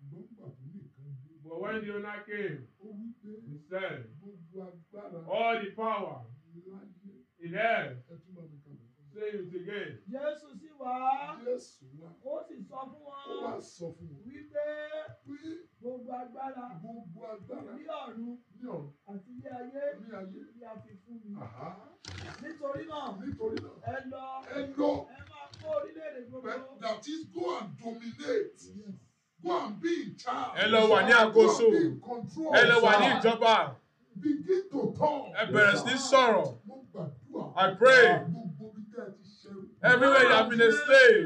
But when the owner came, he said, All the power in hell. Say it again. Yes, yes. wá. Jésù wá. Ó sì sọ fún wọn. Ó wá sọ fún wọn. Wípé. Wí. Gbogbo agbára. Gbogbo agbára. Ní ọ̀run. Ní ọ̀run. Àti ní ayé. Ní ayé. Ní a fi fún mi. Nítorí náà. Nítorí náà. Ẹ lọ. Ẹ lọ. Ẹ máa kó orílẹ̀-èdè gbogbo. That is go and dominate ẹ lọ wà ní àkóso ẹ lọ wà ní ìjọba ẹ bẹ̀rẹ̀ sí sọ̀rọ̀ I pray everywhere you have been a slave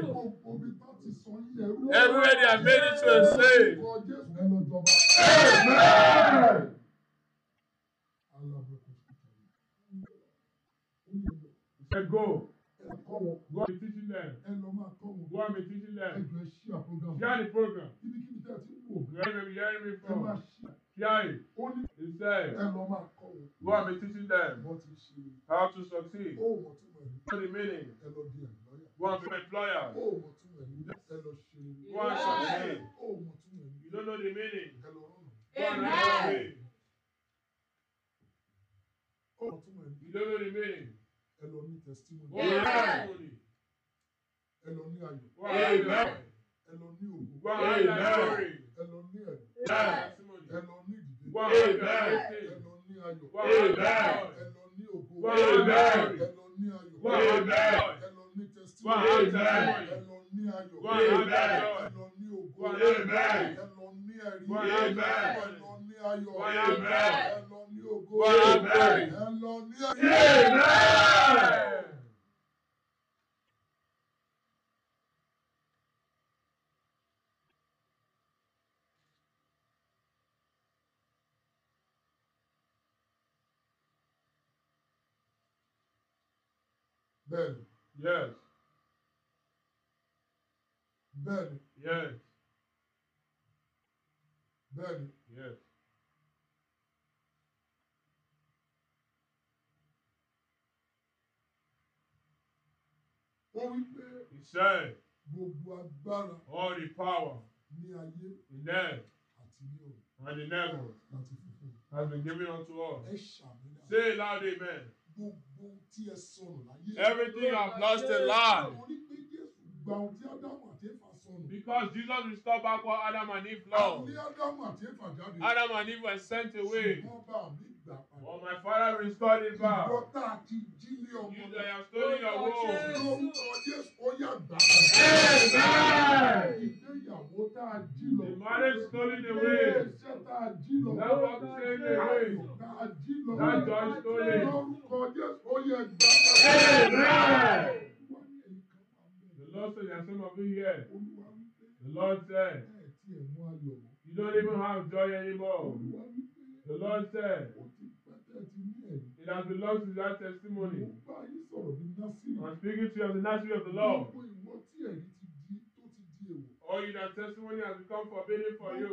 everywhere they have made it to a slave. Amen. Ẹ go. Go and be teaching them. Go and be teaching them. Share the program. Yẹ́nì yẹ́nì mi teaching them? How to succeed. Ó wọ̀ tún mọ̀ ní. Wọ́n employer. Wọ́n ti succeed. You don't know the meaning. Ẹ lọ rọrùn. Wọ́n You don't know the meaning. Ẹ lọ ní testimony. Wọ́n rẹ̀ lọ́wọ́ Ẹ lọ ẹ lọ ní òru. wá àlàáre. ẹ lọ ní ẹ̀dùn. ẹ lọ ní ìdílé. wá àlàáre. ẹ lọ ní ayọ̀. wá àlàáre. ẹ lọ ní ògo. wá àlàáre. ẹ lọ ní ayọ̀. wá àlàáre. ẹ lọ ní testimony. wá àlàáre. ẹ lọ ní ayọ̀. wá àlàáre. ẹ lọ ní ògo. wá àlàáre. ẹ lọ ní ẹ̀rí. wá àlàáre. ẹ lọ ní ayọ̀. wá àlàáre. ẹ lọ ní ògo. wá àlàáre. ẹ lọ ní ẹ̀rí. Bẹ́ẹ̀ni. Yes. Bẹ́ẹ̀ni. Yes. Bẹ́ẹ̀ni. Yes. Oh, wí pé. He said. Gbogbo agbára. All the power. Ní ayé. In earth. Àti ní ọ̀run. And the heaven. Has been given unto us. Ẹ ṣàmì Say it loud amen. Everything I've lost in life. Because Jesus restored back what Adam and Eve lost. Adam and Eve were sent away. Oh my father restored it back. You tá a ti jí lé stolen your home. Lórúkọ Jésù ó yà gbà padà. Ìgbéyàwó The marriage stolen away. Ilé-iṣẹ́ tá That work stolen away. That joy stolen. Lórúkọ The Lord said there are some of you here. The Lord said. You don't even have joy anymore. The Lord said. It has belonged to that testimony. I'm speaking to you as the Nazarene of the law, All you that testimony has become forbidden for you.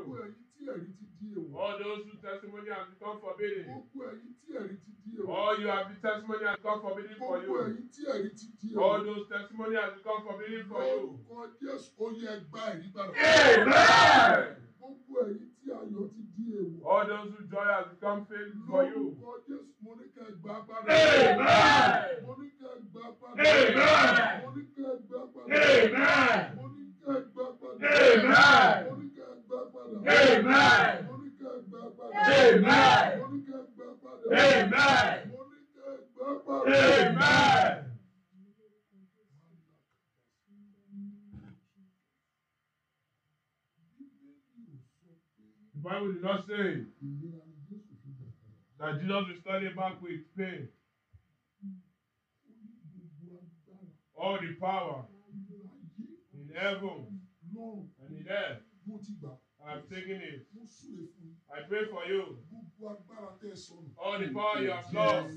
All those whose testimony has become forbidden. All you have the testimony has become forbidden for you. All those testimony has become forbidden for you. Amen. Gbogbo ẹ̀yin tí ayọ̀ ti di èèwọ̀. All those who joy has become pain for you. Lórúkọ Jésù mo ní kẹ́ gbà padà. Amen. Mo ní kẹ́ gbà padà. Amen. Mo ní kẹ́ gbà padà. Amen. Mo ní kẹ́ gbà padà. Amen. Mo ní kẹ́ gbà padà. Amen. Mo ní kẹ́ gbà padà. Amen. Mo ní kẹ́ gbà padà. Amen. Mo ní kẹ́ gbà padà. Amen. Bible did not say that Jesus is standing back with pain. All the power in heaven and in earth. I've taken it. I pray for you. All the power you have lost.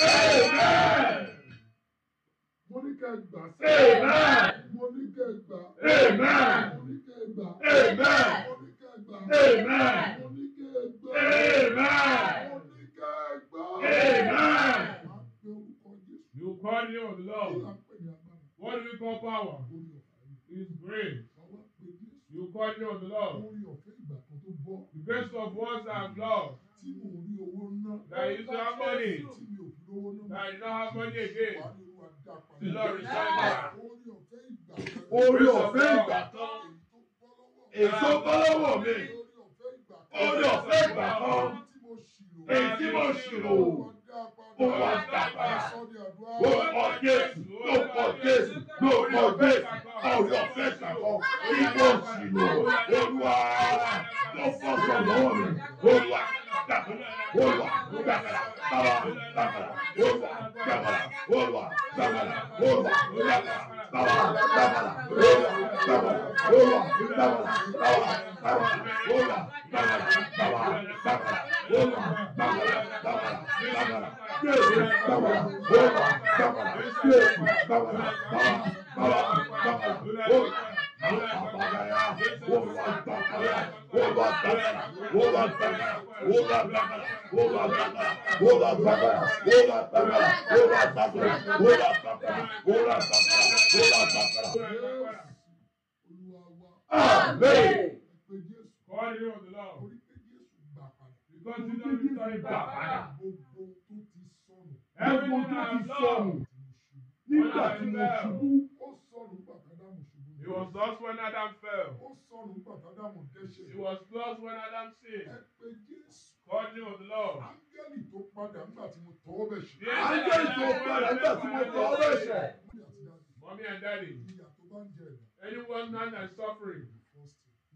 Amen mo ní kẹ́ gbà sí. mo ní You call him on love. What do we call power? His grace. You call him on love. The grace of words and love. That you don't have money. That you don't have money again orí ọ̀fẹ́ ìgbà kan èso bọ́ lọ́wọ́ mi orí ọ̀fẹ́ ìgbà kan èyí tí mo ṣírò mo wà dàgbà mo mọ Jésù mo mọ Jésù mo mọ Jésù orí ọ̀fẹ́ ìgbà kan mo ṣírò olúwa ló fọ́ sọ mi olúwa dakara olwa dakara baba dakara olwa dakara olwa dakara olwa dakara baba dakara olwa dakara olwa dakara baba dakara olwa dakara baba dakara olwa dakara baba dakara Yesu dakara olwa dakara Yesu dakara baba baba dakara olwa dakara. Amen. Call you on the Lord. Because you don't need to back. Everything that is sọnù. Nígbà tí mo ṣubú. He was lost when Adam fell. Ó sọnù gbàtà Ádámù dẹ́ṣẹ̀. He was lost when Adam sinned. Ẹ pé Jésù. God knew the Lord. Áńgẹ́lì tó padà nígbà tí mo tọ́ ọ bẹ̀ ṣe. Áńgẹ́lì tó padà nígbà tí mo tọ́ ọ bẹ̀ ṣe. Mommy and daddy. Ìyà tó bá ń jẹ ẹ̀dá. Anyone now that is suffering.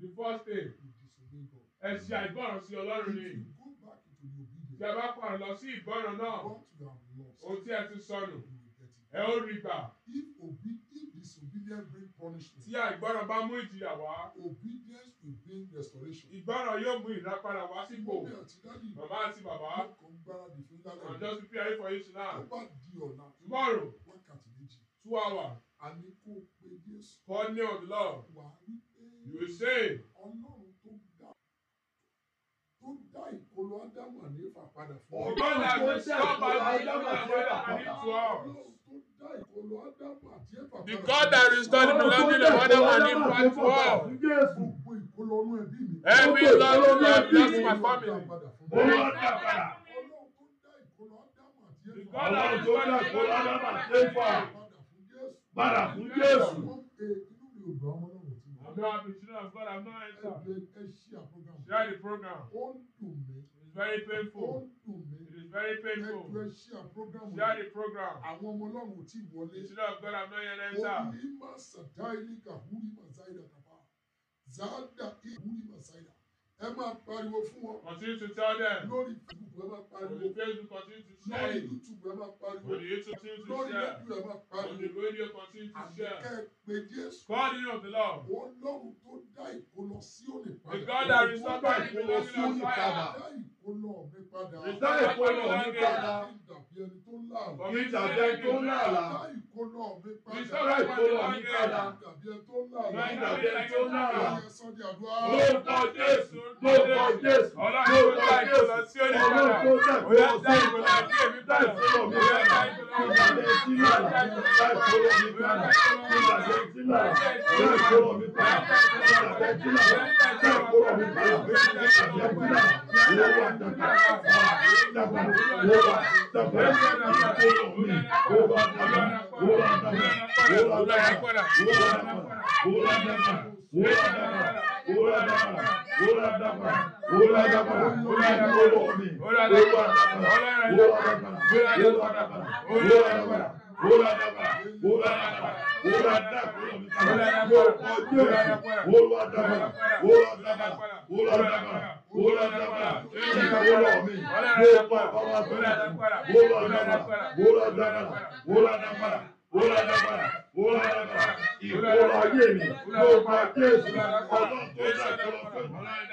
The first thing. The first thing. Ẹ ṣe àìgbọràn sí Ọlọ́run ni. Go back into the obedience. Tí a bá pààrọ̀ lọ sí ìgbọràn náà. What Ohun tí ẹ ti sọnù. Ẹ ó rí gbà. If obi if Disobedience bring punishment. Tí àìgbọràn bá mú ìjìyà wá. Obedience will bring restoration. Ìgbọràn yóò mú ìdápadà wá sípò. Màmá àti bàbá. Àjọ ti fi ayé fọ yín sí náà. Tó bá di Tomorrow. Two hours. A ní kó Jésù. Call me on the Lord. Wà You say. Ọlọ́run tó dá tó dá ìkolo Ádámù àlééfà padà fún ọ. Ọ̀gbọ́n làgbé sí àkọlù Ádámù àlééfà padà fún ọ. The God that restored the belonging of other man in part four. Every love I lost my family. God that restored the belonging of other man Padà fún Jésù. I'm not the children of God, I'm my answered. Share the program. It's very painful. It's very painful. Ẹ jọ ẹ ṣí à program yìí. Share the program. Àwọn ọmọ Ọlọ́run ò tí ì wọlé. The children of God have not yet entered. Omi ma sàdáìlì kàhúrì ma záìdà kàfà. Záàdà ìhúrì ma záìdà. Ẹ máa pariwo fún wọn. Continue to tell them. Lórí Facebook ẹ máa pariwo. On the Facebook continue to share. Lórí YouTube ẹ máa pariwo. On the YouTube continue to share. Lórí rédíò ẹ máa pariwo. On the radio continue to share. Àbíkẹ́ pe Jésù. God you know the Lord. tó dá ìkólọ sí òní padà. The God that restored ìkólọ sí òní padà. Dá ìkólọ mi padà. Dá ìkólọ mi padà. Dàbí ẹni tó láàlá. Kì í dàbí ẹni tó láàlá. Dá ìkólọ mi padà. Dá ìkólọ mi padà. Dàbí ẹni tó láàlá. Dàbí ẹni tó láàlá. Lórúkọ Jésù. Lórúkọ Jésù. Ọlọ́run tó dá ìkólọ sí òní padà. Ọlọ́run tó dá ìkólọ sí òní padà. Dá ìkólọ mi padà. Dá ìkólọ mi padà. Dá jìnnà bẹ́ẹ̀ kúrò mi pa bẹ́ẹ̀ jìnnà bẹ́ẹ̀ kúrò mi pa bẹ́ẹ̀ jìnnà wo wa dàgbà dàgbà wo wa dàgbà kúrò mi wo wa dàgbà wo wa dàgbà wo wa dàgbà wo wa dàgbà wo wa dàgbà wo wa dàgbà wúrà dàgbà wúrà dàgbà wúrà dàgbà wúrà dàgbà wúrà dàgbà wúrà dàgbà wúrà dàgbà wúrà dàgbà wúrà dàgbà olùwàdàgbà olùwàdàgbà olùwàdàgbà olùkọ jésù olùwàdàgbà olùwàdàgbà olùwàdàgbà olùwàdàgbà ìdíkàwọlọ mi olùkọ bàbá bẹrẹ olùwàdàgbà olùwàdàgbà olùwàdàgbà olùwàdàgbà olùwàdàgbà ìkọlọ ayé mi olùkọ jésù ọlọ́run tó dàgbà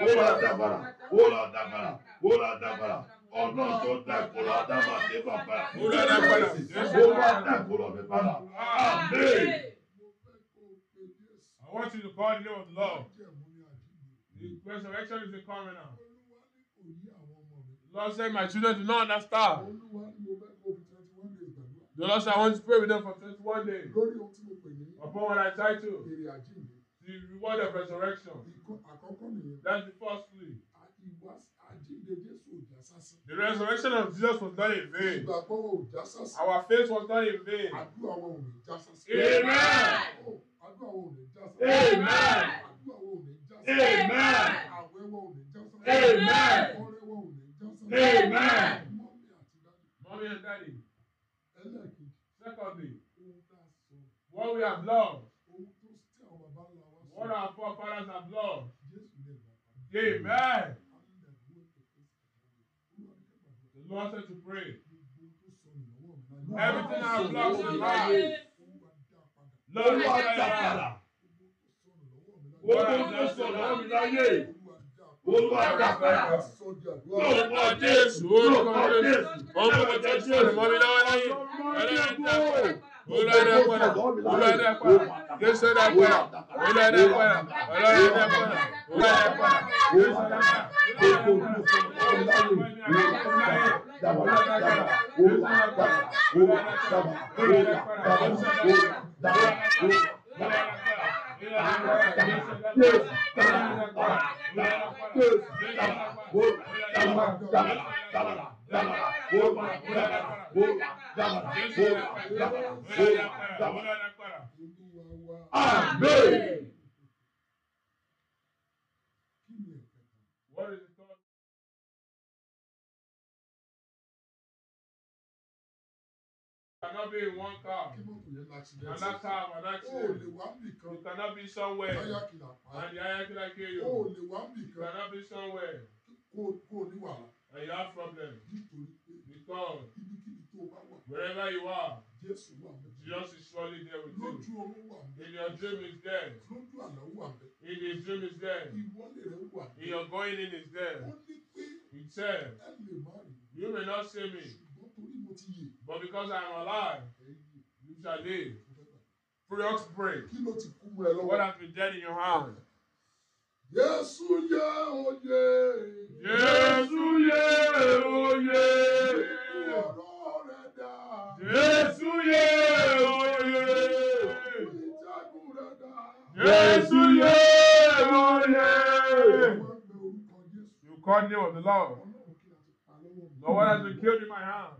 olùwàdàgbà olùwàdàgbà olùwàdàgbà. I want you to call the name of the Lord. The resurrection is coming now. The Lord said, My children do not understand. The Lord said, I want to pray with them for 21 days. Upon what I title, the reward of resurrection. That's the first thing. The resurrection of Jesus was not in vain. Our faith was not in vain. Àdúrà Amen. Amen. Amen. Amen. Amen. Mommy and daddy, Secondly, what we have loved. What our forefathers have loved. Amen. Amen. Lord, wanted to pray. Everything I blocked is right. Lord, you are that Olúwa Lord, sọ lọ́wọ́ mi láyé. Lord, dá padà. Lórúkọ Jésù. Lórúkọ Jésù. Ọmọ ìjọ tí o lùmọ́ mi lọ́wọ́ láyé. Ẹlẹ́yìn dá padà. Olúwa dá padà. Olúwa dá padà. Jésù dá padà. Olúwa dá padà. Olúwa dá padà. Olúwa dá padà. Jésù dá padà. Amém. cannot be in one car. Another car, another accident. You cannot be somewhere. And the ayakila kill you. You cannot be somewhere. And you have problems Because wherever you are, Jesus is surely there with you. If your dream is there. if his dream is there. if your going in is there. He said, You may not see me torí mo ti yè. but because I'm alive you shall live. Free break. kí ló ti kú ẹ lọ́wọ́. what has been dead in your hand. Yesu ye oye. Yesu ye oye. Yesu ye oye. Yesu ye oye. You call name of the Lord. No one has been killed in my hand?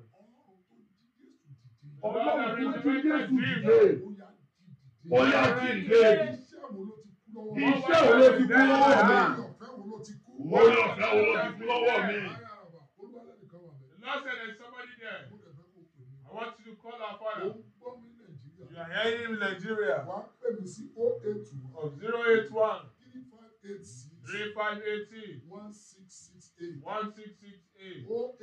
ọlọ́run tó ti jésù dìde ó yá dìde iṣẹ́ wo ló ti kú lọ́wọ́ mi mo yọ ọ̀fẹ́ wo ló ti kú lọ́wọ́ mi. Lord said there's somebody there. I want you to call our father. You are hearing him Nigeria. Oh of 081 3580 1668. 1668 eight eight oh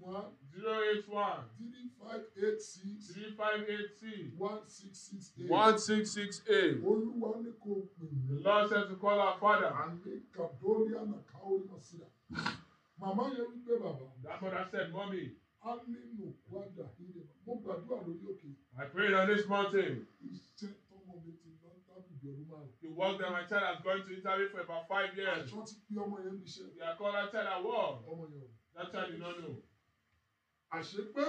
one zero eight one three five eight six three five eight six one six six eight one six six eight. olúwa ní kò pè mí. the lord said to call our father. àní kàdóríà nà káwé ma sí ra. màmá yẹn wí pé bàbá. that mother said mommy. a nínú kwada ilé mo gbàdúrà lórí òkè. I pray on this mountain. iṣẹ́ tọmọ mi ti lọ. The work that my child has gone to interview for about five years. They are called that child at war. That child did not know. Àṣepé.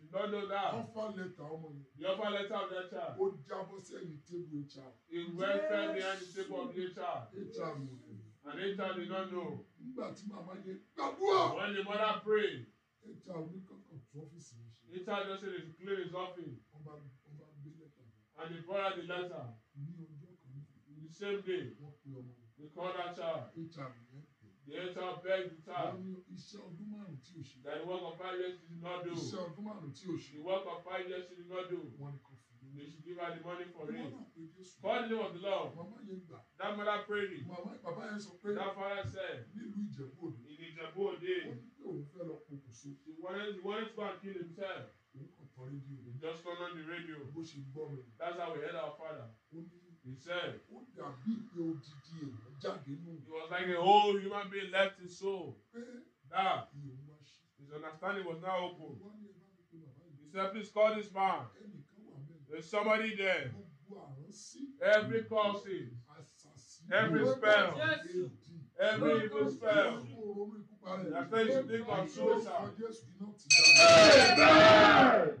Did not know that. Offer letter offer letter of that child. Ó jábọ́ sẹ́yìn tébù HR. He went fell behind the table of HR. child. mọ̀ ẹ́. And HR did not know. Nígbà tí màmá yẹn gbàdúrà. When the mother prayed. HR ní kankan tó ọ́fíìsì mi ṣe. HR just said he clean his office. Ọba ọba gbé lẹ́tà. And he brought the letter same day we call that child the head child beg the child that the work of five years she did not do the work of five years she did not do they should give her the money for it call the name of the lord that mother prayed it that father said in Ìjẹ̀bú Òde he wanted he wanted to go and kill himself just turn on the radio that's how we heard our father. He said, Ó dàbí pé odidi èèyàn jáde nù. He was like a whole human being left his soul. Pé now his understanding was now open. He said, Please call this man. There's somebody there. Every cursing, every spell, every evil spell. I why you should think of suicide. Amen.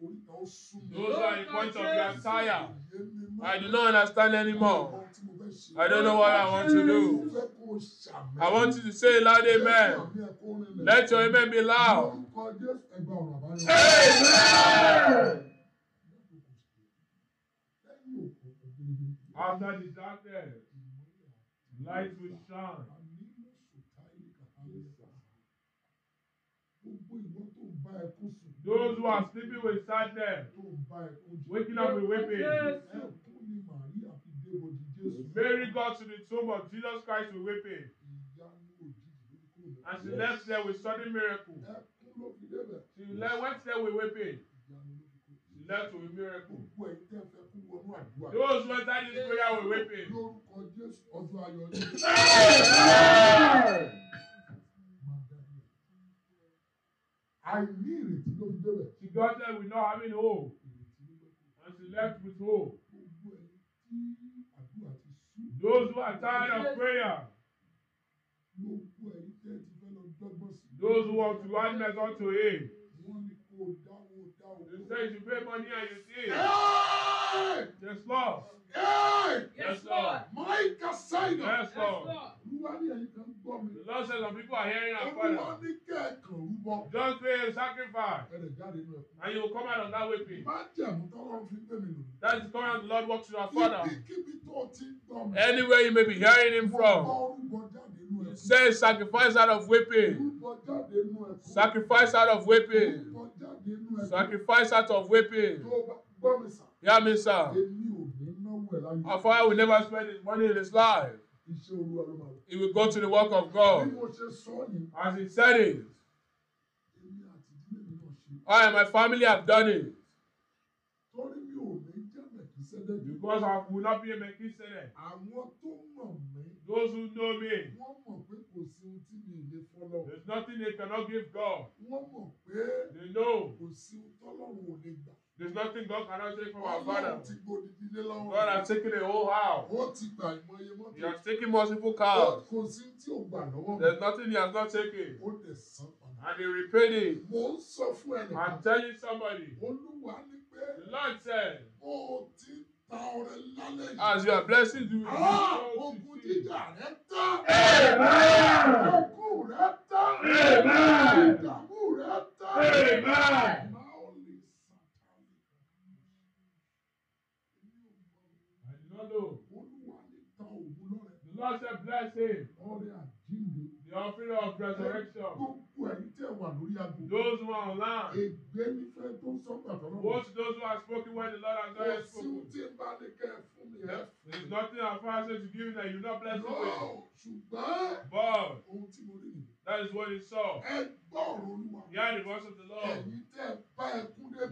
Those are the point of their tire. I do not understand anymore. I don't know what I want to do. I want you to say loud amen. Let your amen be loud. Amen. After the darkness, light will shine. gbogbo ìwọ tó bá ẹkún sùn. Those who are sleeping will start them. Waking up with weeping. Mary got to the tomb of Jesus Christ with weeping. And she yes. left there with sudden miracle. She yes. went there with weeping. She left with miracle. Those who entered this prayer with weeping. àìní ìrètí ló fi débẹ̀. she got there with no having hope and she left with hope. those who are tired of prayer. those who want to add method to him. they say you pay money and you see. Yes, Lord. Yes, Lord. Micah Sidon. Yes, Lord. Olúwa ni ẹ̀yin kan gbọ́ mi. The Lord says some people are hearing our father. Olúwa ní kẹ́ẹ̀kan Just pay a sacrifice. And you will come out on that way That is the covenant the Lord works with our father. Ibikíbi tó ti Anywhere you may be hearing him from. Rúbọ jáde Say sacrifice out of weeping. Sacrifice out of weeping. Sacrifice out of weeping. Yeah, bá gbọ́ Our father will never spend his money in his life. He will go to the work of God. As he said it. I and my family have done it. Because I will not be a Melchizedek. Those who know me. There's nothing they cannot give God. They know. There's nothing God cannot take from our Father. God has taken a whole house. He has taken multiple cows. There's nothing He has not taken. And He repaid it. I'm telling somebody. The Lord said. As you are blessing, you will be ah, Amen. Amen. Amen. Lord said, bless him. The offering of resurrection. Those who are online. Ègbé Watch those who have spoken when the Lord has not yet spoken. Kò There is nothing as far as to give you that you not bless with. But. That is what he saw. He gbọ́ the voice of the Lord.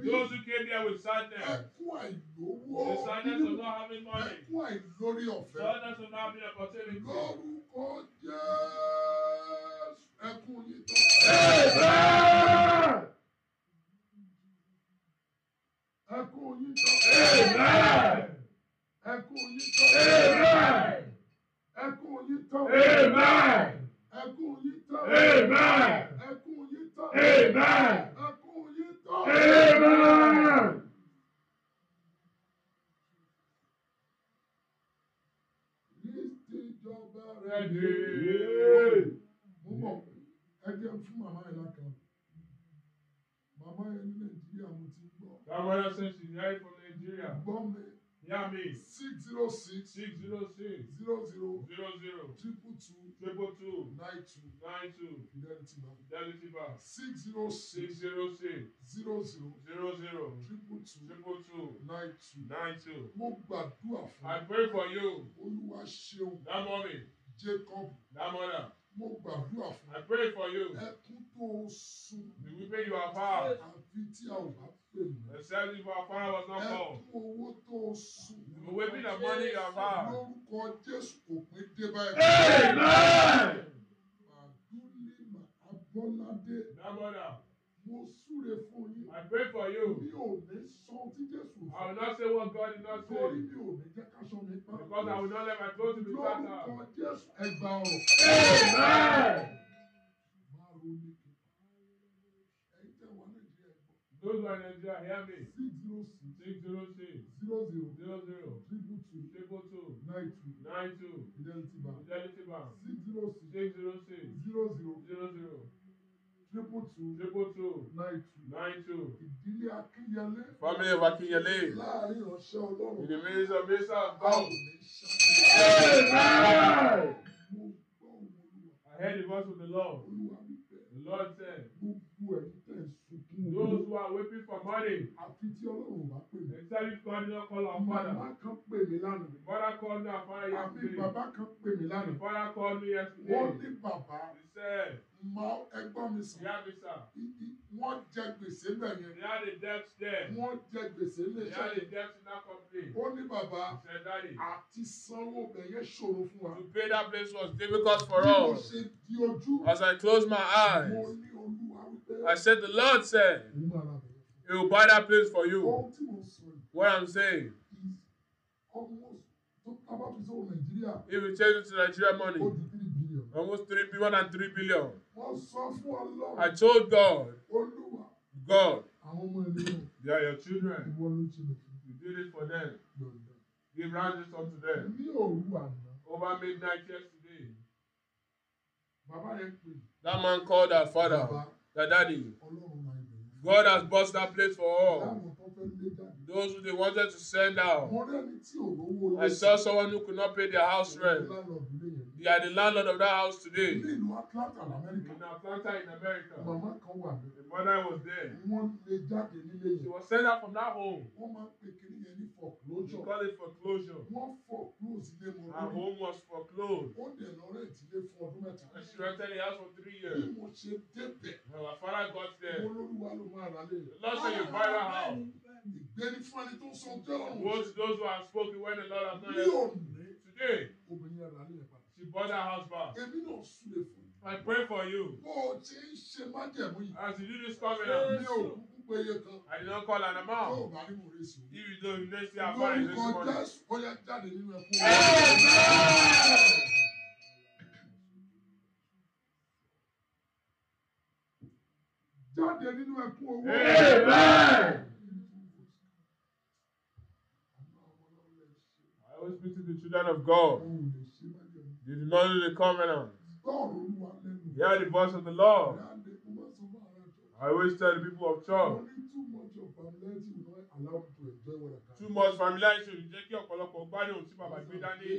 Those who came there with sadness. The sadness of not having money. Ẹkún Sadness of not having opportunity. Lórúkọ Jésù ẹkún yìí tán. Ẹkún yìí tán. Ẹkún yìí Amen. Amen. Amen. Ìjọba rẹ̀ dé. Mo mọ̀ ẹ jẹ́ Nàìjíríà mo ti gbọ́. That was since she died from Nigeria. Gbọ́ mi. Yami. six zero six. six zero six. zero zero. zero zero. triple two. triple two. nine two. nine two. fidelity bank. fidelity bank. six zero six. six zero six. zero zero. zero zero. triple two. triple two. nine two. nine two. mo gbàdúrà fún. I pray for you. olúwa ṣeun. dámọ́mi. Jacob. dámọ́dà. Mo gbàdúrà fún. I pray for you. Ẹkún tó sun. The weeping you are far. Àfi tí a ò bá Except if our father was not called. Ẹ kú the money you have had. Amen. Màdúlé Màbọ́ládé. Mo súre fún yín. I pray for you. Mi ò ní sọ tí Jésù I will not say what God did not say. Torí mi ò ní jẹ́ ká sọ mi Because I will not let my clothes be tattered. Lórúkọ Jésù ẹgbàá o. Amen. Amen. Those who are in Nigeria, hear me. Six zero six. Six zero six. Zero zero. Zero zero. Triple two. Triple two. Nine two. Nine two. Fidelity Bank. Fidelity Bank. Six zero six. Six zero six. Zero zero. Zero zero. Triple two. Triple two. Nine two. Nine two. Ìdílé Akínyẹlé. Family of Akínyẹlé. Láàárín ìránṣẹ́ Ọlọ́run. In the ministry of Mesa and God. I heard the voice of the Lord. The Lord said. Gbogbo ẹ̀yin tẹ̀ sùn. Those who are waiting for money. Àfi Ọlọ́run bá pè mí. Except if God no call our father. Màmá kan pè mí lánàá. The father called me and father yesterday. Àfi bàbá kan pè mí lánàá. The father called me yesterday. Wọ́n ní bàbá. He said. Mọ ẹgbọ́n mi sàn. Yá mi sàn. Wọ́n jẹ gbèsè bẹ̀ yẹn. They had a debt Wọ́n jẹ gbèsè lè ṣe. They had a debt in that company. Ó ní bàbá. He said daddy. Àti sanwó bẹ̀ yẹn ṣòro fún wa. To pay that place was difficult for us. As I close my eyes. I said, The Lord said, He will buy that place for you. What I'm saying. He will change it to Nigeria money, almost three billion, and three billion. I told God, God, they are your children. You did it for them. Give rounds to them. Over midnight yesterday. That man called her father. That daddy, God has bought that place for all. Those who they wanted to send out. I saw someone who could not pay their house rent. They are the landlord of that house today. In Atlanta, in America. The mother was there. She was sent out from that home foreclosure. We call it foreclosure. Wọ́n foreclose ilé mo lórí. Her home was foreclosed. Ó dẹ̀ lọ rẹ̀ ìdílé fún ọdún mẹ́ta. And she rented the house for three years. Bí mo ṣe débẹ̀. Our father got there. Mo lórí wa ló máa ra lé. Lord say buy that house. Ìgbéni fún ẹni tó sọ ọjọ́ ọ̀run. Both those who have spoken when the Lord has not yet. Ní Today. Obìnrin yẹn ra lé yẹn padà. She bought that house back. Èmi náà súre fún. I pray for you. Bó o ti ń ṣe májẹ̀mú yìí. As you do this covenant. Ṣé péye kan. I did not call an amount. Tó o bá rí sí. If you don't invest your amount in this morning. Lórúkọ Jésù ó yẹ jáde nínú ẹkún. Jáde nínú ẹkún owó. I always speak to the children of God. They did not know the covenant. They are the voice of the Lord. I always tell the people of church. too much of familiarity will Too much familiarity will jẹ́ kí ọ̀pọ̀lọpọ̀ gbádùn tí bàbá gbé dání.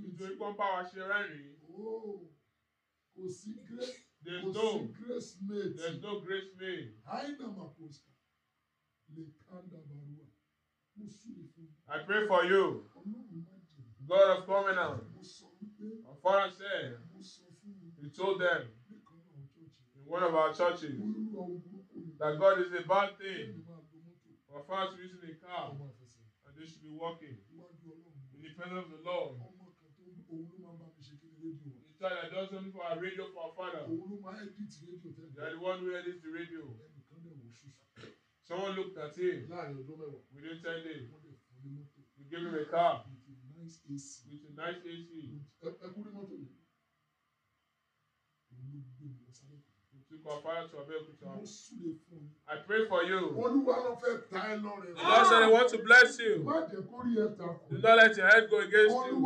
Nítorí pé wọ́n bá wa ṣe rẹ́rìn-ín. Oh, kò sí grace. There's no grace made. There's no grace made. Àìnà Màkòsà lè kánda Bàrúwà. Mo súre fún I pray for you. God of covenant. Mo sọ wípé. Ọ̀fọ́rọ̀ sẹ́ẹ̀. He told them one of our churches that God is a bad thing for fast using a car and they should be walking in the presence of the Lord. The child that does something for our radio for our father. They are the one who edits the radio. Someone looked at him within 10 days. You gave him a car nice AC. With a nice AC. Ẹ kúrú mọ́tò I pray for you. Olúwa The Lord said he want to bless you. Má jẹ́ The Lord let your head go against you.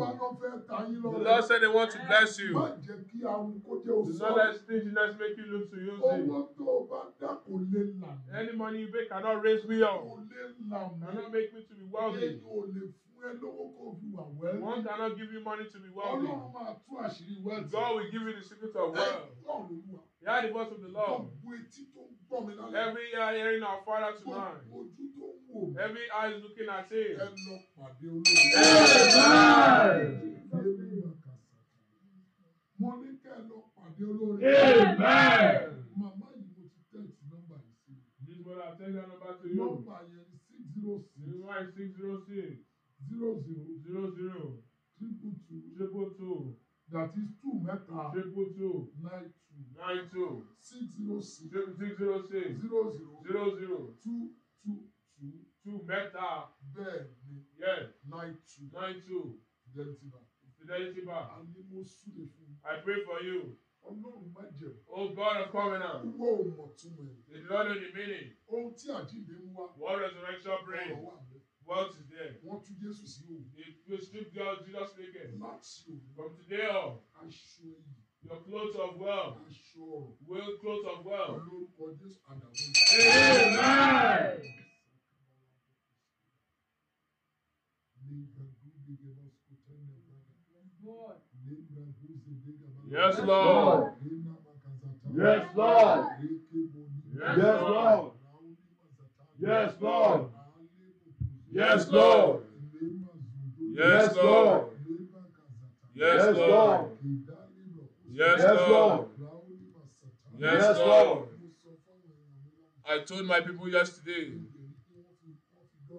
The Lord said he want to bless you. Má jẹ́ The Lord let stinginess make you look to use it. Any money you make cannot raise me up. Cannot make me to be wealthy fẹ́ lówó fi wà wẹ́lì. One cannot give you money to be wealthy. Ọlọ́run máa tú àṣírí wealth. God will give you the secret of wealth. Ọlọ́run ló the voice of the Lord. Gbogbo etí tó ń gbọ́ mi lálẹ́. Every ear hearing our father tonight. Gbogbo ojú tó ń wò Every eye is looking at him. Ẹ lọ pàdé olóore. Mo ní kẹ́ ẹ lọ pàdé olóore. Màmá yìí mo ti tẹ̀sí nọ́mbà yìí sí. This brother tell that number to you. Nọ́mbà yẹn six zero six. six zero six zero zero zero zero triple two triple two that is two mẹ́ta ah, triple two nine two nine two six zero six six zero six zero zero zero zero two two two two mẹ́ta bẹ́ẹ̀ ni nine two nine two fidelity bank fidelity bank àní mo súre fún i pray for you. Ọlọ́run má jẹ̀ wọ́n. O oh God of covenant. Wọ́n ò mọ̀ túmọ̀ ẹ̀. The Lord of the meaning. Ohun tí àjíǹde ń wá. What resurrection brings. Ọ̀rọ̀ wà What is there? What tú Jésù you? If you strip down Jesus naked. Láti you. From today on. I Aṣọ you Your clothes of wealth. Aṣọ ọ̀rọ̀. Well clothes of wealth. Olórúkọ Jésù àdàbọ̀. Amen. Yes, Lord. Yes, Lord. Yes, Lord. Yes, Lord. Yes, Lord. Yes, Lord. Yes, Lord. Yes, Lord. Yes, Lord. Yes, Lord. I told my people yesterday.